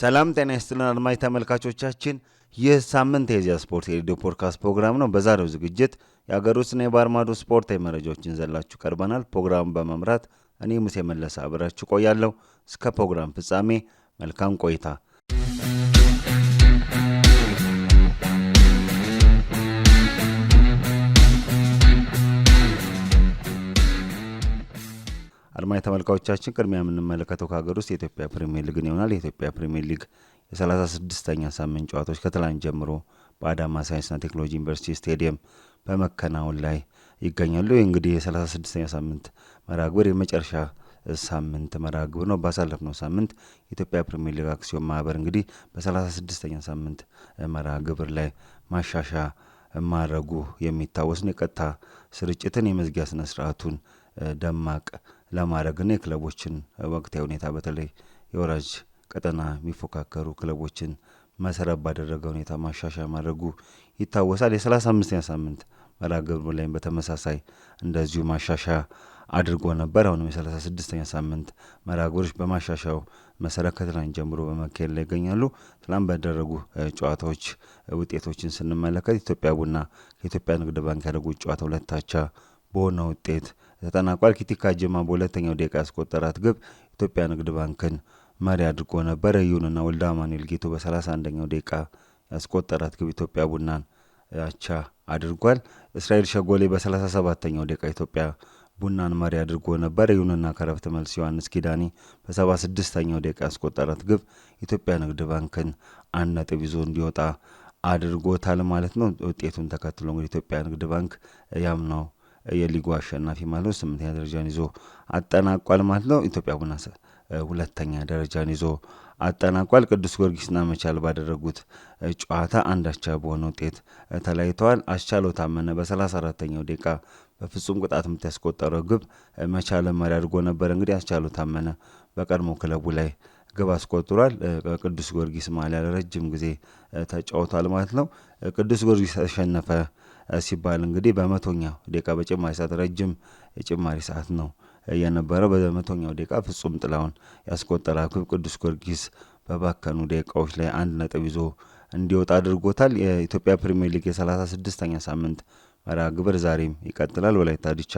ሰላም ጤና ይስጥልን አድማጭ ተመልካቾቻችን፣ ይህ ሳምንት የኢዜአ ስፖርት የሬዲዮ ፖድካስት ፕሮግራም ነው። በዛሬው ዝግጅት የአገር ውስጥና የባህር ማዶ ስፖርታዊ መረጃዎችን ይዘንላችሁ ቀርበናል። ፕሮግራሙን በመምራት እኔ ሙሴ መለሰ አብራችሁ ቆያለሁ። እስከ ፕሮግራም ፍጻሜ መልካም ቆይታ አድማጭ ተመልካቾቻችን ቅድሚያ የምንመለከተው ከሀገር ውስጥ የኢትዮጵያ ፕሪምየር ሊግን ይሆናል። የኢትዮጵያ ፕሪምየር ሊግ የሰላሳ ስድስተኛ ሳምንት ጨዋታዎች ከትላንት ጀምሮ በአዳማ ሳይንስና ቴክኖሎጂ ዩኒቨርሲቲ ስቴዲየም በመከናወን ላይ ይገኛሉ። ይህ እንግዲህ የሰላሳ ስድስተኛ ሳምንት መራግብር የመጨረሻ ሳምንት መራግብር ነው። ባሳለፍነው ሳምንት የኢትዮጵያ ፕሪምየር ሊግ አክሲዮን ማህበር እንግዲህ በሰላሳ ስድስተኛ ሳምንት መራግብር ግብር ላይ ማሻሻ ማድረጉ የሚታወስ ነው። የቀጥታ ስርጭትን የመዝጊያ ስነ ስርዓቱን ደማቅ ለማድረግና የክለቦችን ወቅታዊ ሁኔታ በተለይ የወራጅ ቀጠና የሚፎካከሩ ክለቦችን መሰረት ባደረገ ሁኔታ ማሻሻያ ማድረጉ ይታወሳል። የሰላሳ አምስተኛ ሳምንት መርሃ ላይም በተመሳሳይ እንደዚሁ ማሻሻያ አድርጎ ነበር። አሁንም የሰላሳ ስድስተኛ ሳምንት መርሃ ግብሮች በማሻሻያው መሰረት ከትናንት ጀምሮ በመካሄድ ላይ ይገኛሉ። ትናንት በደረጉ ጨዋታዎች ውጤቶችን ስንመለከት ኢትዮጵያ ቡና ከኢትዮጵያ ንግድ ባንክ ያደረጉት ጨዋታ ሁለታቻ በሆነ ውጤት ተጠናቋል። ኪቲካ ጅማ በሁለተኛው ደቂቃ ያስቆጠራት ግብ ኢትዮጵያ ንግድ ባንክን መሪ አድርጎ ነበረ። ይሁንና ወልዳ አማኑኤል ጌቶ በ31ኛው ደቂቃ ያስቆጠራት ግብ ኢትዮጵያ ቡናን አቻ አድርጓል። እስራኤል ሸጎሌ በ 37 ደቂቃ ኢትዮጵያ ቡናን መሪ አድርጎ ነበረ። ይሁንና ከረፍት መልስ ዮሐንስ ኪዳኒ በ76ኛው ደቂቃ ያስቆጠራት ግብ ኢትዮጵያ ንግድ ባንክን አንድ ነጥብ ይዞ እንዲወጣ አድርጎታል ማለት ነው። ውጤቱን ተከትሎ እንግዲህ ኢትዮጵያ ንግድ ባንክ ያምናው የሊጉ አሸናፊ ማለት ነው። ስምንተኛ ደረጃን ይዞ አጠናቋል ማለት ነው። ኢትዮጵያ ቡና ሁለተኛ ደረጃን ይዞ አጠናቋል። ቅዱስ ጊዮርጊስና መቻል ባደረጉት ጨዋታ አንዳቻ በሆነ ውጤት ተለያይተዋል። አስቻለው ታመነ በሰላሳ አራተኛው ደቂቃ በፍጹም ቅጣት ምት ያስቆጠረው ግብ መቻልን መሪ አድርጎ ነበር። እንግዲህ አስቻለው ታመነ በቀድሞ ክለቡ ላይ ግብ አስቆጥሯል። ቅዱስ ጊዮርጊስ ማሊያ ለረጅም ጊዜ ተጫውቷል ማለት ነው። ቅዱስ ጊዮርጊስ ተሸነፈ ሲባል እንግዲህ በመቶኛው ደቂቃ በጭማሪ ሰዓት ረጅም የጭማሪ ሰዓት ነው የነበረው። በመቶኛው ደቂቃ ፍጹም ጥላውን ያስቆጠረ ኩብ ቅዱስ ጊዮርጊስ በባከኑ ደቂቃዎች ላይ አንድ ነጥብ ይዞ እንዲወጣ አድርጎታል። የኢትዮጵያ ፕሪምየር ሊግ የሰላሳ ስድስተኛ ሳምንት መርሃ ግብር ዛሬም ይቀጥላል። ወላይታ ዲቻ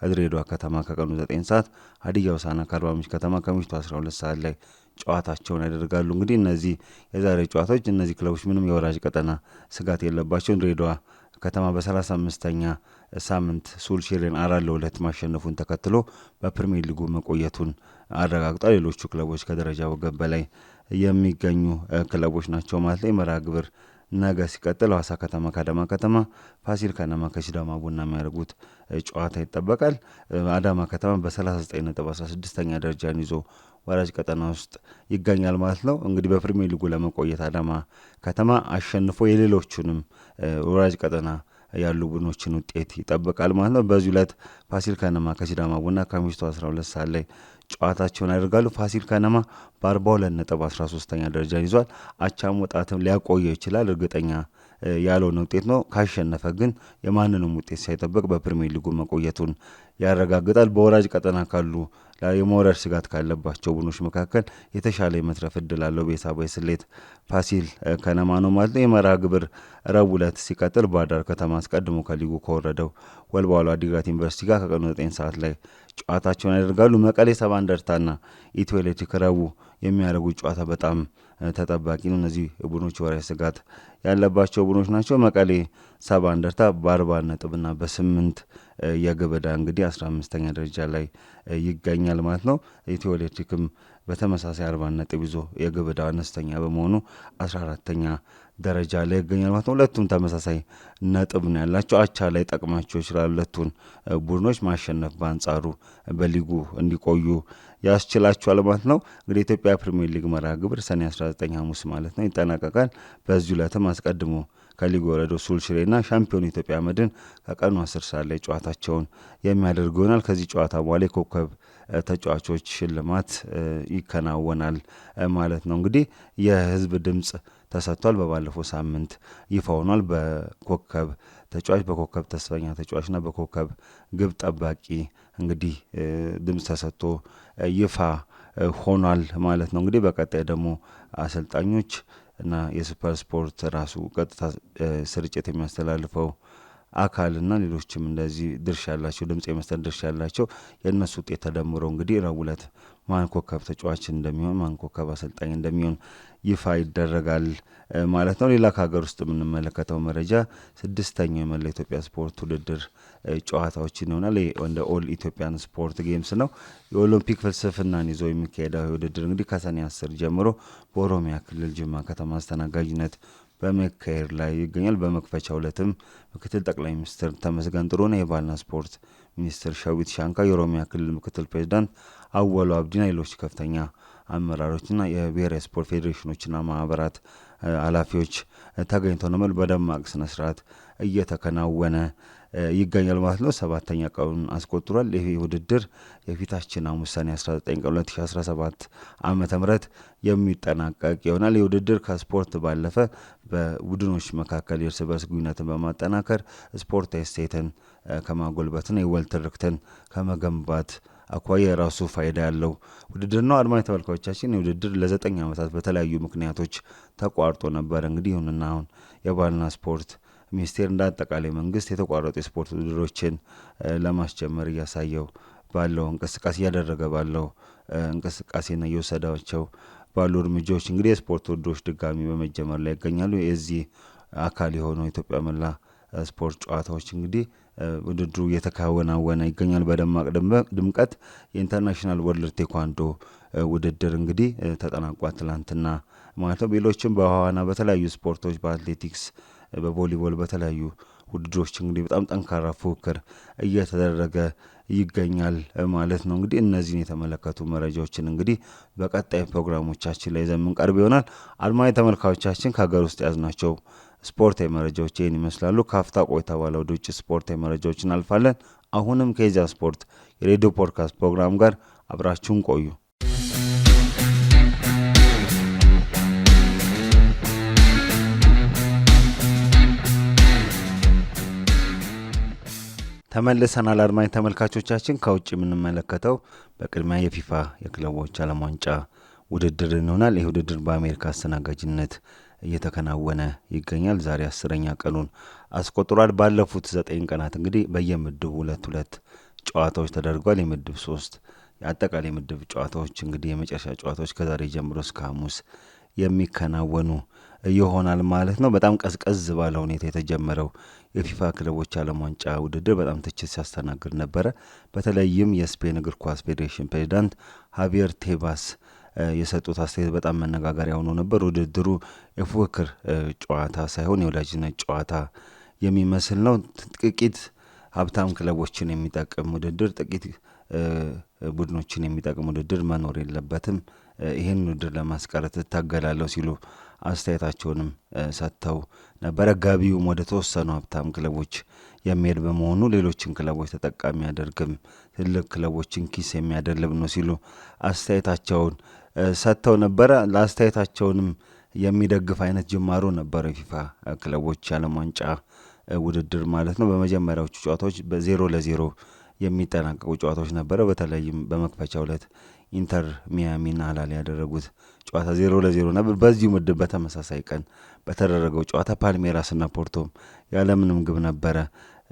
ከድሬዳዋ ከተማ ከቀኑ 9 ሰዓት፣ ሀዲያ ሆሳዕና ከአርባ ምንጭ ከተማ ከምሽቱ 12 ሰዓት ላይ ጨዋታቸውን ያደርጋሉ። እንግዲህ እነዚህ የዛሬ ጨዋታዎች እነዚህ ክለቦች ምንም የወራጅ ቀጠና ስጋት የለባቸው። ድሬዳዋ ከተማ 5 ኛ ሳምንት ሱልሽርን አራት ለሁለት ማሸነፉን ተከትሎ በፕሪሚየር ሊጉ መቆየቱን አረጋግጧል። ሌሎቹ ክለቦች ከደረጃ ወገብ በላይ የሚገኙ ክለቦች ናቸው ማለት ነው። የመርሃ ግብር ነገ ሲቀጥል ሐዋሳ ከተማ ከአዳማ ከተማ፣ ፋሲል ከነማ ከሲዳማ ቡና የሚያደርጉት ጨዋታ ይጠበቃል። አዳማ ከተማ በ39 ነጥብ 16ኛ ደረጃን ይዞ ወራጅ ቀጠና ውስጥ ይገኛል ማለት ነው። እንግዲህ በፕሪሚየር ሊጉ ለመቆየት አዳማ ከተማ አሸንፎ የሌሎቹንም ወራጅ ቀጠና ያሉ ቡድኖችን ውጤት ይጠብቃል ማለት ነው። በዚሁ ዕለት ፋሲል ከነማ ከሲዳማ ቡና ከምሽቱ 12 ሰዓት ላይ ጨዋታቸውን ያደርጋሉ። ፋሲል ከነማ በ42 ነጥብ 13ኛ ደረጃ ይዟል። አቻም ወጣትም ሊያቆየው ይችላል እርግጠኛ ያለውን ውጤት ነው። ካሸነፈ ግን የማንንም ውጤት ሳይጠበቅ በፕሪሚየር ሊጉ መቆየቱን ያረጋግጣል። በወራጅ ቀጠና ካሉ የመውረድ ስጋት ካለባቸው ቡድኖች መካከል የተሻለ የመትረፍ እድል አለው በሂሳባዊ ስሌት ፋሲል ከነማ ነው ማለት ነው። የመርሃ ግብር ረቡዕ ዕለት ሲቀጥል ባህር ከተማ አስቀድሞ ከሊጉ ከወረደው ወልዋሎ አዲግራት ዩኒቨርሲቲ ጋር ከቀኑ 9 ሰዓት ላይ ጨዋታቸውን ያደርጋሉ። መቀሌ ሰባ እንደርታና ኢትዮ ኤሌክትሪክ ረቡዕ የሚያደርጉት ጨዋታ በጣም ተጠባቂ ነው። እነዚህ ቡድኖች ወራጅ ስጋት ያለባቸው ቡድኖች ናቸው። መቀሌ ሰባ እንደርታ በአርባ ነጥብና በስምንት የግበዳ እንግዲህ አስራ አምስተኛ ደረጃ ላይ ይገኛል ማለት ነው። ኢትዮ ኤሌክትሪክም በተመሳሳይ አርባ ነጥብ ይዞ የግበዳ አነስተኛ በመሆኑ አስራ አራተኛ ደረጃ ላይ ይገኛል ማለት ነው። ሁለቱም ተመሳሳይ ነጥብ ነው ያላቸው። አቻ ላይ ጠቅማቸው ይችላል ሁለቱን ቡድኖች ማሸነፍ በአንጻሩ በሊጉ እንዲቆዩ ያስችላቸዋል ማለት ነው። እንግዲህ የኢትዮጵያ ፕሪሚየር ሊግ መርሃ ግብር ሰኔ 19 ሐሙስ ማለት ነው ይጠናቀቃል። በዚሁ ዕለትም አስቀድሞ ከሊጉ የወረደው ሱልሽሬና ሻምፒዮን ኢትዮጵያ መድን ከቀኑ አስር ሰዓት ላይ ጨዋታቸውን የሚያደርጉ ይሆናል። ከዚህ ጨዋታ በኋላ የኮከብ ተጫዋቾች ሽልማት ይከናወናል ማለት ነው። እንግዲህ የህዝብ ድምጽ ተሰጥቷል። በባለፈው ሳምንት ይፋ ሆኗል። በኮከብ ተጫዋች በኮከብ ተስፈኛ ተጫዋችና በኮከብ ግብ ጠባቂ እንግዲህ ድምፅ ተሰጥቶ ይፋ ሆኗል ማለት ነው። እንግዲህ በቀጣይ ደግሞ አሰልጣኞች እና የሱፐር ስፖርት ራሱ ቀጥታ ስርጭት የሚያስተላልፈው አካልና ሌሎችም እንደዚህ ድርሻ ያላቸው ድምጽ የመስጠት ድርሻ ያላቸው የእነሱ ውጤት ተደምሮ እንግዲህ ረቡዕ ዕለት ማን ኮከብ ተጫዋች እንደሚሆን ማን ኮከብ አሰልጣኝ እንደሚሆን ይፋ ይደረጋል ማለት ነው። ሌላ ከሀገር ውስጥ የምንመለከተው መረጃ ስድስተኛው የመላ ኢትዮጵያ ስፖርት ውድድር ጨዋታዎችን ይሆናል። እንደ ኦል ኢትዮጵያን ስፖርት ጌምስ ነው። የኦሎምፒክ ፍልስፍናን ይዞ የሚካሄደው ውድድር እንግዲህ ከሰኔ አስር ጀምሮ በኦሮሚያ ክልል ጅማ ከተማ አስተናጋጅነት በመካሄድ ላይ ይገኛል። በመክፈቻ ዕለትም ምክትል ጠቅላይ ሚኒስትር ተመስገን ጥሩነህ፣ የባህልና ስፖርት ሚኒስትር ሸዊት ሻንካ፣ የኦሮሚያ ክልል ምክትል ፕሬዚዳንት አወሉ አብዲና ሌሎች ከፍተኛ አመራሮችና የብሔራዊ ስፖርት ፌዴሬሽኖችና ማህበራት ኃላፊዎች ተገኝቶ ነው በደማቅ ስነ ስርዓት እየተከናወነ ይገኛል ማለት ነው። ሰባተኛ ቀኑን አስቆጥሯል። ይህ ውድድር የፊታችን ሐሙስ ሰኔ 19 ቀን 2017 ዓ ም የሚጠናቀቅ ይሆናል። ይህ ውድድር ከስፖርት ባለፈ በቡድኖች መካከል የእርስ በርስ ግንኙነትን በማጠናከር ስፖርት ስቴትን ከማጎልበትና የወል ትርክትን ከመገንባት አኳያ የራሱ ፋይዳ ያለው ውድድር ነው። አድማጭ ተመልካቾቻችን ውድድር ለዘጠኝ ዓመታት በተለያዩ ምክንያቶች ተቋርጦ ነበር። እንግዲህ ይሁንና አሁን የባህልና ስፖርት ሚኒስቴር እንደ አጠቃላይ መንግስት የተቋረጡ የስፖርት ውድድሮችን ለማስጀመር እያሳየው ባለው እንቅስቃሴ እያደረገ ባለው እንቅስቃሴና እየወሰዳቸው ባሉ እርምጃዎች እንግዲህ የስፖርት ውድድሮች ድጋሚ በመጀመር ላይ ይገኛሉ። የዚህ አካል የሆነው ኢትዮጵያ መላ ስፖርት ጨዋታዎች እንግዲህ ውድድሩ እየተከናወነ ይገኛል በደማቅ ድምቀት። የኢንተርናሽናል ወርልድ ቴኳንዶ ውድድር እንግዲህ ተጠናቋል ትላንትና ማለት ነው። ሌሎችም በዋና በተለያዩ ስፖርቶች በአትሌቲክስ፣ በቮሊቦል፣ በተለያዩ ውድድሮች እንግዲህ በጣም ጠንካራ ፉክክር እየተደረገ ይገኛል ማለት ነው። እንግዲህ እነዚህን የተመለከቱ መረጃዎችን እንግዲህ በቀጣይ ፕሮግራሞቻችን ላይ ዘምን ቀርብ ይሆናል። አድማጭ ተመልካቾቻችን ከሀገር ውስጥ የያዝናቸው ስፖርታዊ መረጃዎች ይህን ይመስላሉ። ካፍታ ቆይታ በኋላ ወደ ውጭ ስፖርታዊ መረጃዎች እናልፋለን። አሁንም ከዚያ ስፖርት የሬዲዮ ፖድካስት ፕሮግራም ጋር አብራችሁን ቆዩ። ተመልሰናል አድማኝ ተመልካቾቻችን። ከውጭ የምንመለከተው በቅድሚያ የፊፋ የክለቦች ዓለም ዋንጫ ውድድር እንሆናል። ይህ ውድድር በአሜሪካ አስተናጋጅነት እየተከናወነ ይገኛል። ዛሬ አስረኛ ቀኑን አስቆጥሯል። ባለፉት ዘጠኝ ቀናት እንግዲህ በየምድቡ ሁለት ሁለት ጨዋታዎች ተደርጓል። የምድብ ሶስት የአጠቃላይ ምድብ ጨዋታዎች እንግዲህ የመጨረሻ ጨዋታዎች ከዛሬ ጀምሮ እስከ ሐሙስ የሚከናወኑ ይሆናል ማለት ነው። በጣም ቀዝቀዝ ባለ ሁኔታ የተጀመረው የፊፋ ክለቦች ዓለም ዋንጫ ውድድር በጣም ትችት ሲያስተናግድ ነበረ። በተለይም የስፔን እግር ኳስ ፌዴሬሽን ፕሬዚዳንት ሀቪየር ቴባስ የሰጡት አስተያየት በጣም መነጋገሪያ ሆኖ ነበር። ውድድሩ የፉክክር ጨዋታ ሳይሆን የወዳጅነት ጨዋታ የሚመስል ነው። ጥቂት ሀብታም ክለቦችን የሚጠቅም ውድድር፣ ጥቂት ቡድኖችን የሚጠቅም ውድድር መኖር የለበትም። ይህን ውድድር ለማስቀረት እታገላለሁ ሲሉ አስተያየታቸውንም ሰጥተው ነበረ። ገቢውም ወደ ተወሰኑ ሀብታም ክለቦች የሚሄድ በመሆኑ ሌሎችን ክለቦች ተጠቃሚ ያደርግም፣ ትልቅ ክለቦችን ኪስ የሚያደልብ ነው ሲሉ አስተያየታቸውን ሰጥተው ነበረ። ለአስተያየታቸውንም የሚደግፍ አይነት ጅማሮ ነበረ የፊፋ ክለቦች የዓለም ዋንጫ ውድድር ማለት ነው። በመጀመሪያዎቹ ጨዋታዎች በዜሮ ለዜሮ የሚጠናቀቁ ጨዋታዎች ነበረ። በተለይም በመክፈቻ ዕለት ኢንተር ሚያሚና ሂላል ያደረጉት ጨዋታ ዜሮ ለዜሮ ነበር። በዚሁ ምድብ በተመሳሳይ ቀን በተደረገው ጨዋታ ፓልሜራስና ፖርቶም ያለምንም ግብ ነበረ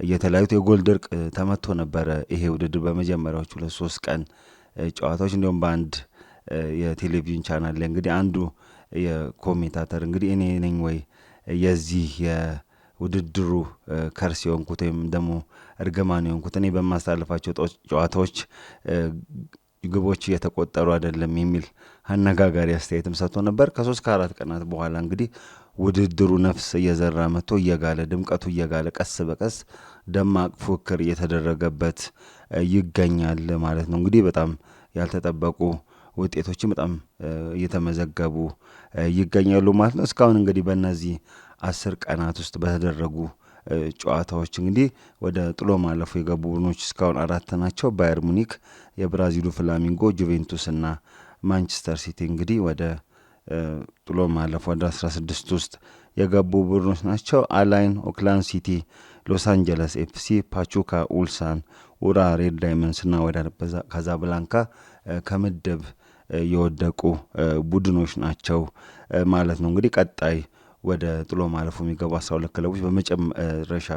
እየተለያዩት። የጎል ድርቅ ተመቶ ነበረ ይሄ ውድድር በመጀመሪያዎቹ ሁለት ሶስት ቀን ጨዋታዎች እንዲሁም በአንድ የቴሌቪዥን ቻናል ላይ እንግዲህ አንዱ የኮሜንታተር እንግዲህ እኔ ነኝ ወይ የዚህ የውድድሩ ከርስ የሆንኩት ወይም ደግሞ እርግማን የሆንኩት እኔ በማሳልፋቸው ጨዋታዎች ግቦች እየተቆጠሩ አይደለም የሚል አነጋጋሪ አስተያየትም ሰጥቶ ነበር። ከሶስት ከአራት ቀናት በኋላ እንግዲህ ውድድሩ ነፍስ እየዘራ መጥቶ እየጋለ ድምቀቱ እየጋለ ቀስ በቀስ ደማቅ ፉክክር እየተደረገበት ይገኛል ማለት ነው። እንግዲህ በጣም ያልተጠበቁ ውጤቶችም በጣም እየተመዘገቡ ይገኛሉ ማለት ነው። እስካሁን እንግዲህ በእነዚህ አስር ቀናት ውስጥ በተደረጉ ጨዋታዎች እንግዲህ ወደ ጥሎ ማለፉ የገቡ ቡድኖች እስካሁን አራት ናቸው። ባየር ሙኒክ፣ የብራዚሉ ፍላሚንጎ፣ ጁቬንቱስ እና ማንቸስተር ሲቲ እንግዲህ ወደ ጥሎ ማለፉ ወደ 16 ውስጥ የገቡ ቡድኖች ናቸው። አላይን፣ ኦክላንድ ሲቲ፣ ሎስ አንጀለስ ኤፍሲ፣ ፓቹካ፣ ኡልሳን፣ ውራ ሬድ ዳይመንስ እና ወደ ካዛብላንካ ከምድብ የወደቁ ቡድኖች ናቸው ማለት ነው። እንግዲህ ቀጣይ ወደ ጥሎ ማለፉ የሚገቡ አስራ ሁለት ክለቦች በመጨረሻ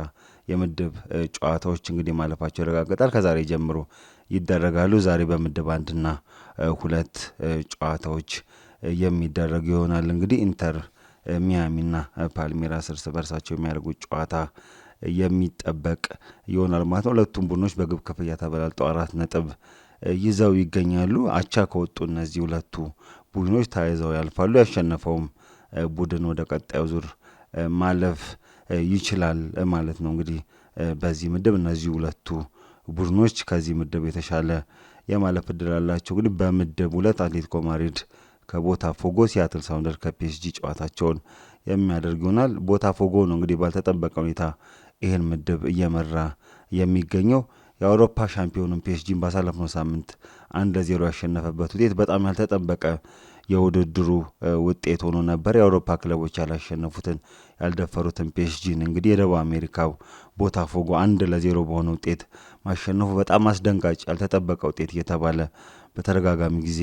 የምድብ ጨዋታዎች እንግዲህ ማለፋቸው ይረጋገጣል። ከዛሬ ጀምሮ ይደረጋሉ። ዛሬ በምድብ አንድና ሁለት ጨዋታዎች የሚደረጉ ይሆናል። እንግዲህ ኢንተር ሚያሚና ፓልሜራስ እርስ በርሳቸው የሚያደርጉት ጨዋታ የሚጠበቅ ይሆናል ማለት ነው። ሁለቱም ቡድኖች በግብ ክፍያ ተበላልጠው አራት ነጥብ ይዘው ይገኛሉ። አቻ ከወጡ እነዚህ ሁለቱ ቡድኖች ተያይዘው ያልፋሉ። ያሸነፈውም ቡድን ወደ ቀጣዩ ዙር ማለፍ ይችላል ማለት ነው። እንግዲህ በዚህ ምድብ እነዚህ ሁለቱ ቡድኖች ከዚህ ምድብ የተሻለ የማለፍ እድል አላቸው። እንግዲህ በምድብ ሁለት አትሌቲኮ ማድሪድ ከቦታ ፎጎ፣ ሲያትል ሳውንደር ከፒኤስጂ ጨዋታቸውን የሚያደርግ ይሆናል። ቦታ ፎጎ ነው እንግዲህ ባልተጠበቀ ሁኔታ ይህን ምድብ እየመራ የሚገኘው የአውሮፓ ሻምፒዮኑን ፒኤስጂን ባሳለፍነው ሳምንት አንድ ለዜሮ ያሸነፈበት ውጤት በጣም ያልተጠበቀ የውድድሩ ውጤት ሆኖ ነበር። የአውሮፓ ክለቦች ያላሸነፉትን ያልደፈሩትን ፒኤስጂን እንግዲህ የደቡብ አሜሪካው ቦታፎጎ አንድ ለዜሮ በሆነ ውጤት ማሸነፉ በጣም አስደንጋጭ ያልተጠበቀ ውጤት እየተባለ በተደጋጋሚ ጊዜ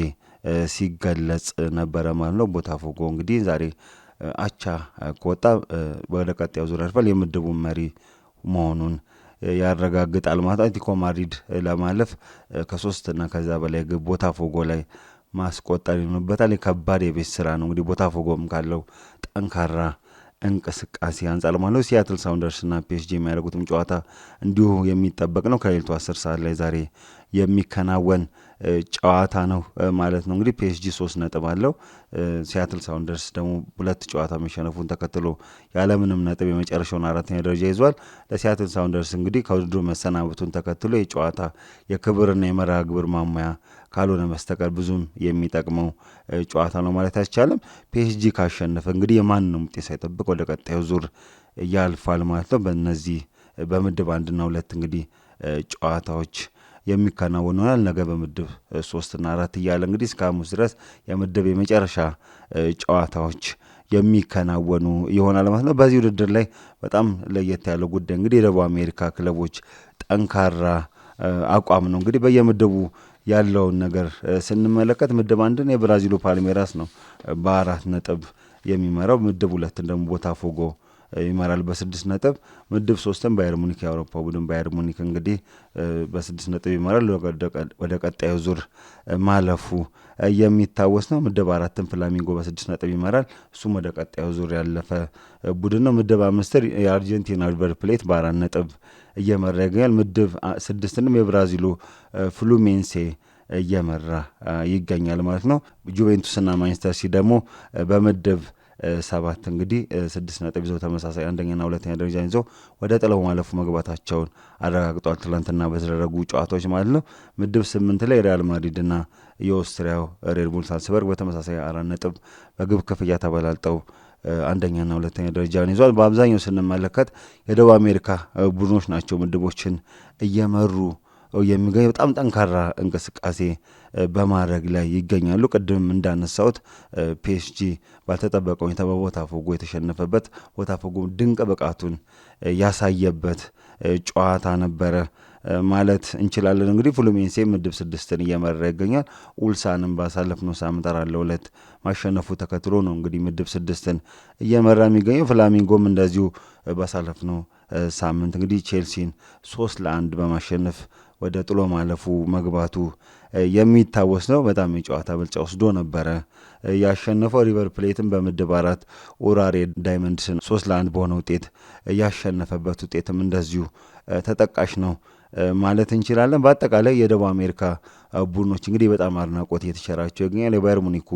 ሲገለጽ ነበረ ማለት ነው። ቦታፎጎ እንግዲህ ዛሬ አቻ ከወጣ ወደ ቀጣዩ ዙር ያልፋል። የምድቡ መሪ መሆኑን ያረጋግጣል ማለት አትሌቲኮ ማድሪድ ለማለፍ ከሶስት እና ከዛ በላይ ግብ ቦታፎጎ ላይ ማስቆጠር ይሆንበታል። የከባድ የቤት ስራ ነው እንግዲህ ቦታፎጎም ካለው ጠንካራ እንቅስቃሴ አንጻር ማለት ነው። ሲያትል ሳውንደርስና ፒኤስጂ የሚያደርጉትም ጨዋታ እንዲሁ የሚጠበቅ ነው። ከሌሊቱ አስር ሰዓት ላይ ዛሬ የሚከናወን ጨዋታ ነው ማለት ነው። እንግዲህ ፒኤስጂ ሶስት ነጥብ አለው። ሲያትል ሳውንደርስ ደግሞ ሁለት ጨዋታ መሸነፉን ተከትሎ ያለምንም ነጥብ የመጨረሻውን አራተኛ ደረጃ ይዟል። ለሲያትል ሳውንደርስ እንግዲህ ከውድድሩ መሰናበቱን ተከትሎ የጨዋታ የክብርና የመርሃ ግብር ማሙያ ካልሆነ በስተቀር ብዙም የሚጠቅመው ጨዋታ ነው ማለት አይቻልም። ፒኤስጂ ካሸነፈ እንግዲህ የማንም ውጤት ሳይጠብቅ ወደ ቀጣዩ ዙር ያልፋል ማለት ነው። በእነዚህ በምድብ አንድና ሁለት እንግዲህ ጨዋታዎች የሚከናወን ይሆናል። ነገ በምድብ ሶስትና አራት እያለ እንግዲህ እስከ ሐሙስ ድረስ የምድብ የመጨረሻ ጨዋታዎች የሚከናወኑ ይሆናል ማለት ነው። በዚህ ውድድር ላይ በጣም ለየት ያለው ጉዳይ እንግዲህ የደቡብ አሜሪካ ክለቦች ጠንካራ አቋም ነው። እንግዲህ በየምድቡ ያለውን ነገር ስንመለከት ምድብ አንድን የብራዚሉ ፓልሜራስ ነው በአራት ነጥብ የሚመራው። ምድብ ሁለትን ደግሞ ቦታፎጎ ይመራል በስድስት ነጥብ። ምድብ ሶስትን ባየር ሙኒክ የአውሮፓ ቡድን ባየር ሙኒክ እንግዲህ በስድስት ነጥብ ይመራል። ወደ ቀጣዩ ዙር ማለፉ የሚታወስ ነው። ምድብ አራትን ፍላሚንጎ በስድስት ነጥብ ይመራል። እሱም ወደ ቀጣዩ ዙር ያለፈ ቡድን ነው። ምድብ አምስትን የአርጀንቲና ሪቨር ፕሌት በአራት ነጥብ እየመራ ይገኛል። ምድብ ስድስትንም የብራዚሉ ፍሉሜንሴ እየመራ ይገኛል ማለት ነው። ጁቬንቱስና ማንቸስተር ሲቲ ደግሞ በምድብ ሰባት እንግዲህ ስድስት ነጥብ ይዘው ተመሳሳይ አንደኛና ሁለተኛ ደረጃ ይዘው ወደ ጥለው ማለፉ መግባታቸውን አረጋግጧል። ትላንትና በተደረጉ ጨዋታዎች ማለት ነው። ምድብ ስምንት ላይ ሪያል ማድሪድና የኦስትሪያው ሬድቡል ሳልስበርግ በተመሳሳይ አራት ነጥብ በግብ ክፍያ ተበላልጠው አንደኛና ሁለተኛ ደረጃን ይዟል። በአብዛኛው ስንመለከት የደቡብ አሜሪካ ቡድኖች ናቸው ምድቦችን እየመሩ የሚገኝ በጣም ጠንካራ እንቅስቃሴ በማድረግ ላይ ይገኛሉ። ቅድም እንዳነሳሁት ፒኤስጂ ባልተጠበቀ ሁኔታ በቦታፎጎ የተሸነፈበት ቦታፎጎ ድንቅ ብቃቱን ያሳየበት ጨዋታ ነበረ። ማለት እንችላለን። እንግዲህ ፍሉሜንሴ ምድብ ስድስትን እየመራ ይገኛል። ኡልሳንም ባሳለፍነው ሳምንት አራት ለሁለት ማሸነፉ ተከትሎ ነው እንግዲህ ምድብ ስድስትን እየመራ የሚገኘው። ፍላሚንጎም እንደዚሁ ባሳለፍነው ሳምንት እንግዲህ ቼልሲን ሶስት ለአንድ በማሸነፍ ወደ ጥሎ ማለፉ መግባቱ የሚታወስ ነው። በጣም የጨዋታ ብልጫ ወስዶ ነበረ ያሸነፈው። ሪቨር ፕሌትን በምድብ አራት ኡራሬ ዳይመንድስን ሶስት ለአንድ በሆነ ውጤት ያሸነፈበት ውጤትም እንደዚሁ ተጠቃሽ ነው። ማለት እንችላለን። በአጠቃላይ የደቡብ አሜሪካ ቡድኖች እንግዲህ በጣም አድናቆት እየተቸራቸው ይገኛል። የባየር ሙኒኩ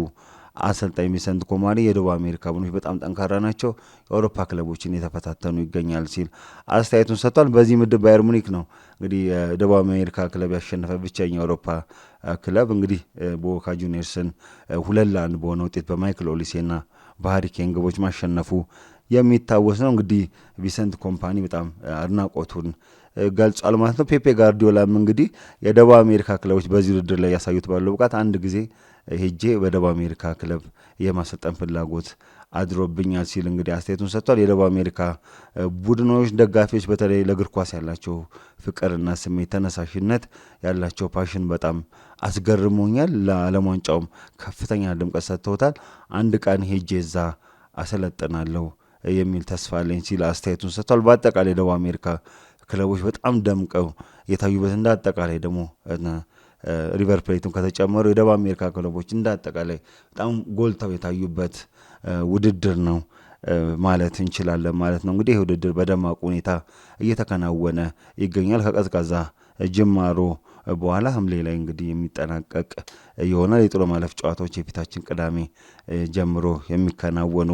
አሰልጣኝ ቪንሰንት ኮማኒ የደቡብ አሜሪካ ቡድኖች በጣም ጠንካራ ናቸው፣ የአውሮፓ ክለቦችን የተፈታተኑ ይገኛል ሲል አስተያየቱን ሰጥቷል። በዚህ ምድብ ባየር ሙኒክ ነው እንግዲህ የደቡብ አሜሪካ ክለብ ያሸነፈ ብቸኛ የአውሮፓ ክለብ እንግዲህ ቦካ ጁኒየርስን ሁለት ለአንድ በሆነ ውጤት በማይክል ኦሊሴና በሃሪኬን ግቦች ማሸነፉ የሚታወስ ነው። እንግዲህ ቪሰንት ኮምፓኒ በጣም አድናቆቱን ገልጿል ማለት ነው። ፔፔ ጋርዲዮላም እንግዲህ የደቡብ አሜሪካ ክለቦች በዚህ ውድድር ላይ ያሳዩት ባለው ብቃት አንድ ጊዜ ሄጄ በደቡብ አሜሪካ ክለብ የማሰልጠን ፍላጎት አድሮብኛል ሲል እንግዲህ አስተያየቱን ሰጥቷል። የደቡብ አሜሪካ ቡድኖች ደጋፊዎች በተለይ ለእግር ኳስ ያላቸው ፍቅርና ስሜት፣ ተነሳሽነት ያላቸው ፓሽን በጣም አስገርሞኛል። ለዓለም ዋንጫውም ከፍተኛ ድምቀት ሰጥተውታል። አንድ ቀን ሄጄ እዛ አሰለጥናለሁ የሚል ተስፋ አለኝ ሲል አስተያየቱን ሰጥቷል። በአጠቃላይ የደቡብ አሜሪካ ክለቦች በጣም ደምቀው የታዩበት እንደ አጠቃላይ ደግሞ ሪቨር ፕሌትም ከተጨመሩ የደቡብ አሜሪካ ክለቦች እንዳጠቃላይ በጣም ጎልተው የታዩበት ውድድር ነው ማለት እንችላለን ማለት ነው። እንግዲህ ይህ ውድድር በደማቁ ሁኔታ እየተከናወነ ይገኛል። ከቀዝቃዛ ጅማሮ በኋላ ሐምሌ ላይ እንግዲህ የሚጠናቀቅ ይሆናል። የጥሎ ማለፍ ጨዋታዎች የፊታችን ቅዳሜ ጀምሮ የሚከናወኑ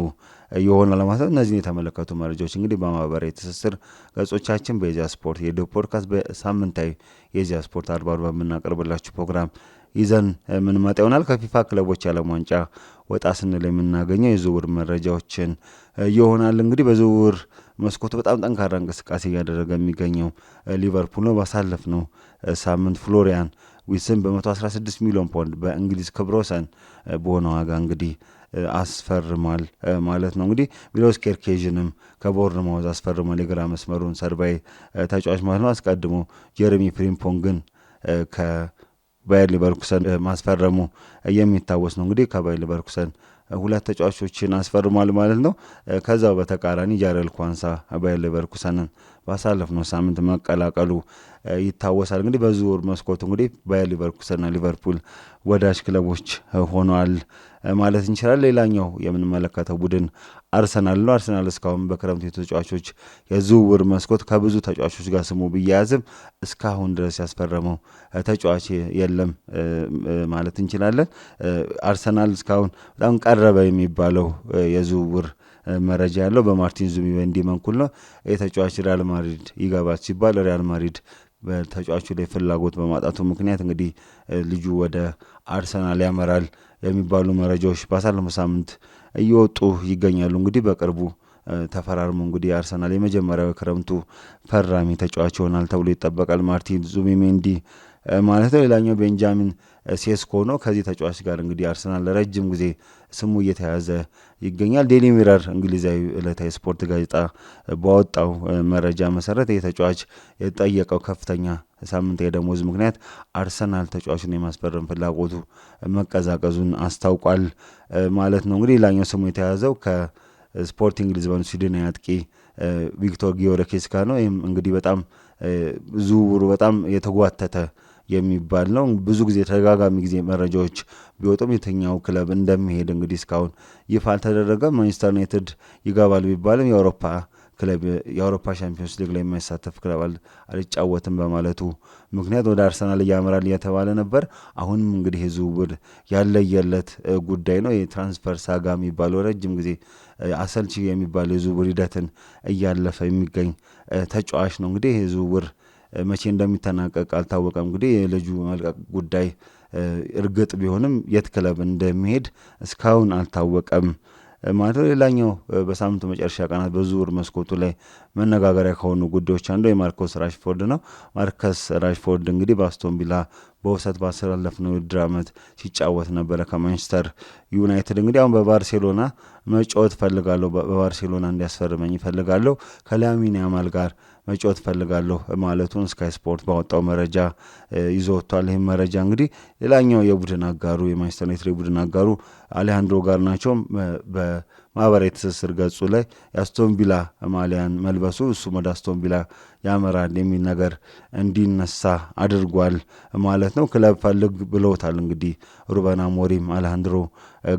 ይሆናል ማለት ነው። እነዚህን የተመለከቱ መረጃዎች እንግዲህ በማህበራዊ ትስስር ገጾቻችን በኢዜአ ስፖርት የሬዲዮ ፖድካስት በሳምንታዊ የኢዜአ ስፖርት አድባር በምናቀርብላችሁ ፕሮግራም ይዘን የምንመጣ ይሆናል። ከፊፋ ክለቦች የዓለም ዋንጫ ወጣ ስንል የምናገኘው የዝውውር መረጃዎችን ይሆናል። እንግዲህ በዝውውር መስኮቱ በጣም ጠንካራ እንቅስቃሴ እያደረገ የሚገኘው ሊቨርፑል ነው። ነው ሳምንት ፍሎሪያን ዊትስን በ116 ሚሊዮን ፓውንድ በእንግሊዝ ክብረ ወሰን በሆነ ዋጋ እንግዲህ አስፈርሟል ማለት ነው። እንግዲህ ሚሎስ ኬርኬዥንም ከቦርንማውዝ አስፈርሟል የግራ መስመሩን ሰርባይ ተጫዋች ማለት ነው። አስቀድሞ ጀረሚ ፍሪምፖንግን ባየር ሊቨርኩሰን ማስፈረሙ የሚታወስ ነው። እንግዲህ ከባየር ሊቨርኩሰን ሁለት ተጫዋቾችን አስፈርሟል ማለት ነው። ከዛው በተቃራኒ ጃረል ኳንሳ ባየር ሊቨርኩሰንን ባሳለፍነው ሳምንት መቀላቀሉ ይታወሳል። እንግዲህ በዝውውር መስኮቱ እንግዲህ ባየር ሊቨርኩሰንና ሊቨርፑል ወዳጅ ክለቦች ሆነዋል ማለት እንችላል። ሌላኛው የምንመለከተው ቡድን አርሰናል ነው። አርሰናል እስካሁን በክረምቱ የተጫዋቾች የዝውውር መስኮት ከብዙ ተጫዋቾች ጋር ስሙ ቢያያዝም እስካሁን ድረስ ያስፈረመው ተጫዋች የለም ማለት እንችላለን። አርሰናል እስካሁን በጣም ቀረበ የሚባለው የዝውውር መረጃ ያለው በማርቲን ዙቢሜንዲ መንኩል ነው። ይህ ተጫዋች ሪያል ማድሪድ ይገባት ሲባል ሪያል ማድሪድ በተጫዋቹ ላይ ፍላጎት በማጣቱ ምክንያት እንግዲህ ልጁ ወደ አርሰናል ያመራል የሚባሉ መረጃዎች ባሳለፈው ሳምንት እየወጡ ይገኛሉ። እንግዲህ በቅርቡ ተፈራርሞ እንግዲህ አርሰናል የመጀመሪያው የክረምቱ ፈራሚ ተጫዋች ይሆናል ተብሎ ይጠበቃል። ማርቲን ዙቢሜንዲ ማለት ነው። ሌላኛው ቤንጃሚን ሴስኮ ነው። ከዚህ ተጫዋች ጋር እንግዲህ አርሰናል ለረጅም ጊዜ ስሙ እየተያዘ ይገኛል። ዴሊ ሚረር እንግሊዛዊ ዕለታዊ ስፖርት ጋዜጣ ባወጣው መረጃ መሰረት ይህ ተጫዋች የጠየቀው ከፍተኛ ሳምንት የደሞዝ ምክንያት አርሰናል ተጫዋቹን የማስፈረም ፍላጎቱ መቀዛቀዙን አስታውቋል ማለት ነው። እንግዲህ ላኛው ስሙ የተያዘው ከስፖርቲንግ ሊዝበን ስዊድን አጥቂ ቪክቶር ጊዮረኬስ ጋር ነው። ይህም እንግዲህ በጣም ዝውውሩ በጣም የተጓተተ የሚባል ነው። ብዙ ጊዜ ተደጋጋሚ ጊዜ መረጃዎች ቢወጡም የትኛው ክለብ እንደሚሄድ እንግዲህ እስካሁን ይፋ አልተደረገም። ማንቸስተር ዩናይትድ ይገባል ቢባልም የአውሮፓ ክለብ የአውሮፓ ሻምፒዮንስ ሊግ ላይ የማይሳተፍ ክለብ አልጫወትም በማለቱ ምክንያት ወደ አርሰናል እያመራል እየተባለ ነበር። አሁንም እንግዲህ ዝውውር ያለየለት ጉዳይ ነው። የትራንስፈር ሳጋ የሚባለው ረጅም ጊዜ አሰልቺ የሚባለው የዝውውር ሂደትን እያለፈ የሚገኝ ተጫዋች ነው። እንግዲህ ዝውውር መቼ እንደሚተናቀቅ አልታወቀም። እንግዲህ የልጁ መልቀቅ ጉዳይ እርግጥ ቢሆንም የት ክለብ እንደሚሄድ እስካሁን አልታወቀም ማለት ነው። ሌላኛው በሳምንቱ መጨረሻ ቀናት በዝውውር መስኮቱ ላይ መነጋገሪያ ከሆኑ ጉዳዮች አንዱ የማርኮስ ራሽፎርድ ነው። ማርከስ ራሽፎርድ እንግዲህ በአስቶን ቪላ በውሰት ባስተላለፍነው የውድድር ዓመት ሲጫወት ነበረ ከማንቸስተር ዩናይትድ። እንግዲህ አሁን በባርሴሎና መጫወት እፈልጋለሁ፣ በባርሴሎና እንዲያስፈርመኝ እፈልጋለሁ ከላሚን ያማል ጋር መጫወት እፈልጋለሁ ማለቱን ስካይ ስፖርት ባወጣው መረጃ ይዞ ወጥቷል። ይህም መረጃ እንግዲህ ሌላኛው የቡድን አጋሩ የማንቸስተር ዩናይትድ የቡድን አጋሩ አሌሃንድሮ ጋርናቾም በማህበራዊ ትስስር ገጹ ላይ የአስቶን ቪላ ማሊያን መልበሱ እሱም ወደ አስቶን ቪላ ያመራል የሚል ነገር እንዲነሳ አድርጓል ማለት ነው። ክለብ ፈልግ ብለውታል እንግዲህ ሩበን አሞሪም አሌሃንድሮ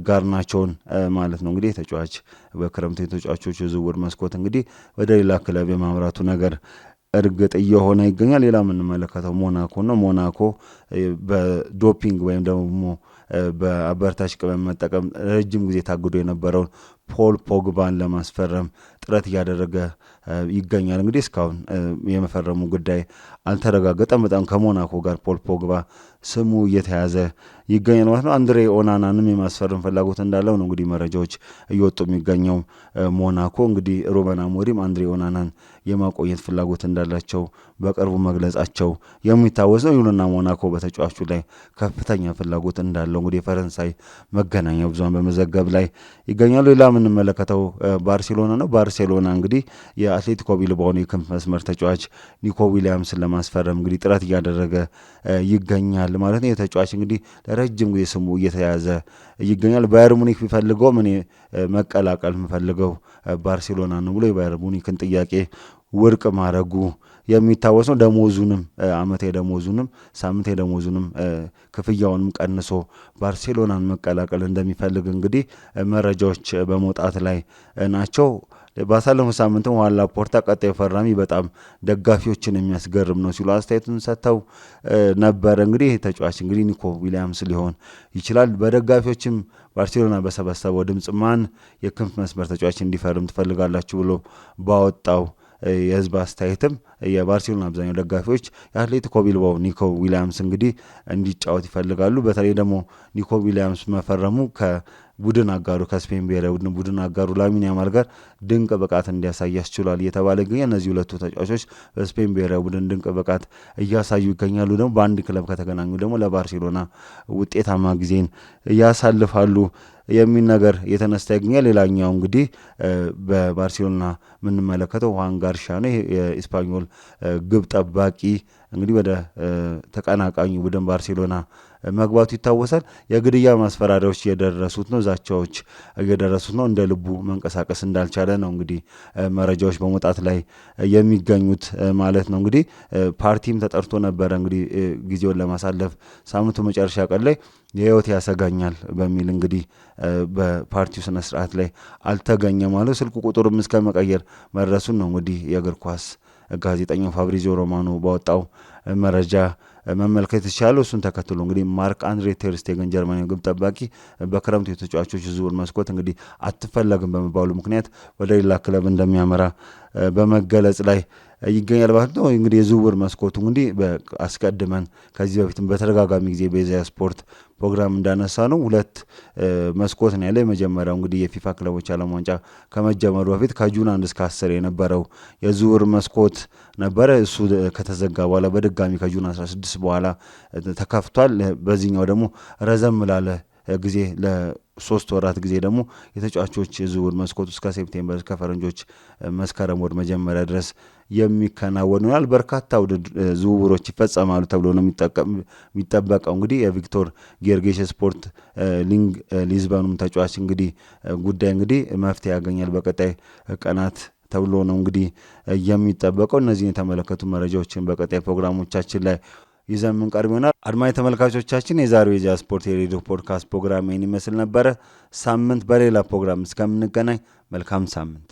ጋርናቾን ማለት ነው። እንግዲህ ተጫዋች በክረምቱ የተጫዋቾች የዝውውር መስኮት እንግዲህ ወደ ሌላ ክለብ የማምራቱ ነገር እርግጥ እየሆነ ይገኛል። ሌላ የምንመለከተው ሞናኮ ነው። ሞናኮ በዶፒንግ ወይም ደግሞ በአበረታች ቅመም በመጠቀም ረጅም ጊዜ ታግዶ የነበረውን ፖል ፖግባን ለማስፈረም ጥረት እያደረገ ይገኛል። እንግዲህ እስካሁን የመፈረሙ ጉዳይ አልተረጋገጠም። በጣም ከሞናኮ ጋር ፖል ፖግባ ስሙ እየተያዘ ይገኛል ማለት ነው። አንድሬ ኦናናንም የማስፈረም ፍላጎት እንዳለው ነው እንግዲህ መረጃዎች እየወጡ የሚገኘው። ሞናኮ እንግዲህ ሩበን አሞሪም አንድሬ ኦናናን የማቆየት ፍላጎት እንዳላቸው በቅርቡ መግለጻቸው የሚታወስ ነው። ይሁንና ሞናኮ በተጫዋቹ ላይ ከፍተኛ ፍላጎት እንዳለው እንግዲህ የፈረንሳይ መገናኛ ብዙሃን በመዘገብ ላይ ይገኛሉ። ሌላ የምንመለከተው ባርሴሎና ነው። ባርሴሎና እንግዲህ የአትሌቲኮ ቢልባውን የክንፍ መስመር ተጫዋች ኒኮ ዊሊያምስን ለማስፈረም እንግዲህ ጥረት እያደረገ ይገኛል ማለት ነው። የተጫዋች እንግዲህ ለረጅም ጊዜ ስሙ እየተያዘ ይገኛል። ባየር ሙኒክ ቢፈልገውም እኔ መቀላቀል የምፈልገው ባርሴሎና ነው ብሎ የባየር ሙኒክን ጥያቄ ውድቅ ማድረጉ የሚታወስ ነው። ደሞዙንም አመት ደሞዙንም ሳምንት ደሞዙንም ክፍያውንም ቀንሶ ባርሴሎናን መቀላቀል እንደሚፈልግ እንግዲህ መረጃዎች በመውጣት ላይ ናቸው። ባሳለፈው ሳምንትም ኋላ ላፖርታ ቀጣዩ ፈራሚ በጣም ደጋፊዎችን የሚያስገርም ነው ሲሉ አስተያየቱን ሰጥተው ነበረ። እንግዲህ ተጫዋች እንግዲህ ኒኮ ዊሊያምስ ሊሆን ይችላል። በደጋፊዎችም ባርሴሎና በሰበሰበው ድምፅ ማን የክንፍ መስመር ተጫዋች እንዲፈርም ትፈልጋላችሁ ብሎ ባወጣው የህዝብ አስተያየትም የባርሴሎና አብዛኛው ደጋፊዎች የአትሌቲኮ ቢልባው ኒኮ ዊሊያምስ እንግዲህ እንዲጫወት ይፈልጋሉ። በተለይ ደግሞ ኒኮ ዊሊያምስ መፈረሙ ከ ቡድን አጋሩ ከስፔን ብሔራዊ ቡድን ቡድን አጋሩ ላሚን ያማል ጋር ድንቅ ብቃት እንዲያሳይ ያስችሏል እየተባለ ይገኛል። እነዚህ ሁለቱ ተጫዋቾች በስፔን ብሔራዊ ቡድን ድንቅ ብቃት እያሳዩ ይገኛሉ። ደግሞ በአንድ ክለብ ከተገናኙ ደግሞ ለባርሴሎና ውጤታማ ጊዜን ያሳልፋሉ የሚል ነገር የተነሳ ይገኛል። ሌላኛው እንግዲህ በባርሴሎና የምንመለከተው ዋን ጋርሻ ነው። የኢስፓኞል ግብ ጠባቂ እንግዲህ ወደ ተቀናቃኙ ቡድን ባርሴሎና መግባቱ ይታወሳል። የግድያ ማስፈራሪያዎች እየደረሱት ነው፣ ዛቻዎች እየደረሱት ነው። እንደ ልቡ መንቀሳቀስ እንዳልቻለ ነው እንግዲህ መረጃዎች በመውጣት ላይ የሚገኙት ማለት ነው። እንግዲህ ፓርቲም ተጠርቶ ነበረ እንግዲህ ጊዜውን ለማሳለፍ ሳምንቱ መጨረሻ ቀን ላይ የህይወት ያሰጋኛል በሚል እንግዲህ በፓርቲው ስነ ስርዓት ላይ አልተገኘም ማለት ስልክ ቁጥርም እስከ መቀየር መድረሱን ነው እንግዲህ የእግር ኳስ ጋዜጠኛው ፋብሪዚዮ ሮማኖ ባወጣው መረጃ መመልከት የተቻለው እሱን ተከትሎ እንግዲህ ማርክ አንድሬ ቴርስቴገን ጀርመን ግብ ጠባቂ በክረምቱ የተጫዋቾች ዝውውር መስኮት እንግዲህ አትፈለግም በመባሉ ምክንያት ወደ ሌላ ክለብ እንደሚያመራ በመገለጽ ላይ ይገኛል ማለት ነው። እንግዲህ የዝውውር መስኮቱ እንግዲህ አስቀድመን ከዚህ በፊትም በተደጋጋሚ ጊዜ በኢዜአ ስፖርት ፕሮግራም እንዳነሳ ነው ሁለት መስኮት ነው ያለ። የመጀመሪያው እንግዲህ የፊፋ ክለቦች ዓለም ዋንጫ ከመጀመሩ በፊት ከጁን አንድ እስከ አስር የነበረው የዝውውር መስኮት ነበረ። እሱ ከተዘጋ በኋላ በድጋሚ ከጁን 16 በኋላ ተከፍቷል። በዚህኛው ደግሞ ረዘም ላለ ጊዜ ሶስት ወራት ጊዜ ደግሞ የተጫዋቾች ዝውውር መስኮቱ እስከ ሴፕቴምበር እስከ ፈረንጆች መስከረም ወር መጀመሪያ ድረስ የሚከናወን ይሆናል። በርካታ ዝውውሮች ይፈጸማሉ ተብሎ ነው የሚጠበቀው። እንግዲህ የቪክቶር ጌርጌሽ ስፖርት ሊንግ ሊዝበኑም ተጫዋች እንግዲህ ጉዳይ እንግዲህ መፍትሄ ያገኛል በቀጣይ ቀናት ተብሎ ነው እንግዲህ የሚጠበቀው። እነዚህን የተመለከቱ መረጃዎችን በቀጣይ ፕሮግራሞቻችን ላይ ይዘን የምንቀርብ ይሆናል። አድማጭ ተመልካቾቻችን የዛሬው የኢዜአ ስፖርት የሬዲዮ ፖድካስት ፕሮግራም ይህን ይመስል ነበረ። ሳምንት በሌላ ፕሮግራም እስከምንገናኝ መልካም ሳምንት